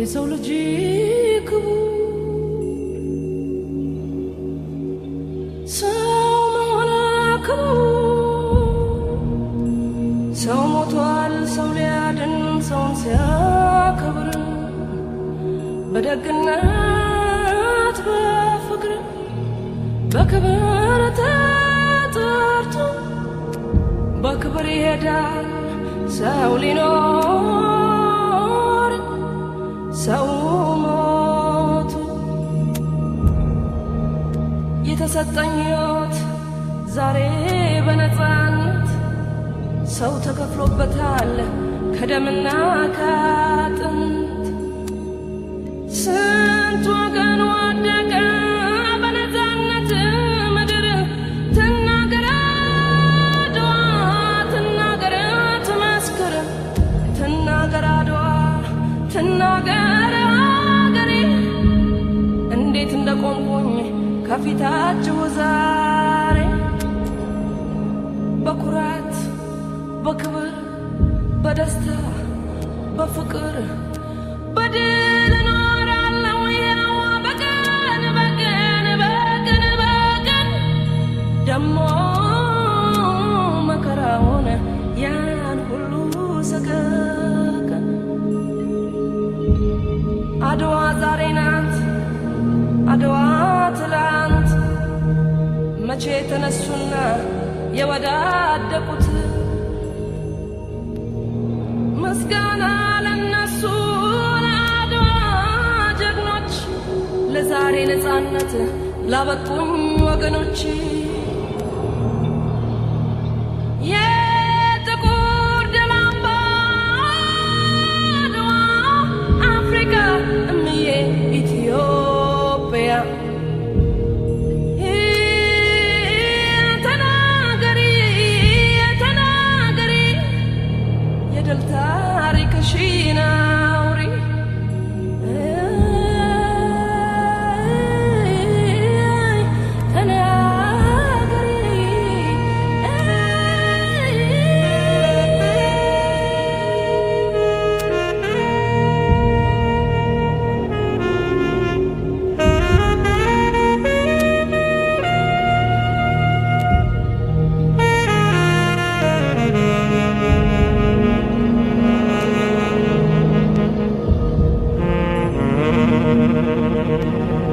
የሰው ልጅ ክቡር ሰው መሆን ክቡር ሰው ሞቷል ሰው ሊያድን ሰውን ሲያከብር በደግነት በፍቅር በክብር ተጠርቶ በክብር ይሄዳል ሰው ሊኖር ሰው ሞቱ የተሰጠኝ ሕይወት ዛሬ በነፃነት ሰው ተከፍሎበታል ከደምና ከ በክብር በደስታ በፍቅር በድል እኖራለሁ ያው በቀን በቀን በቀን በቀን ደሞ መከራውን ያን ሁሉ ሰቀቀን አድዋ ዛሬ ናት አድዋ ትላንት መቼ ተነሱና የወዳደቁት ምስጋና ለነሱ ለአድዋ ጀግኖች፣ ለዛሬ ነፃነት ላበቁም ወገኖች Thank you.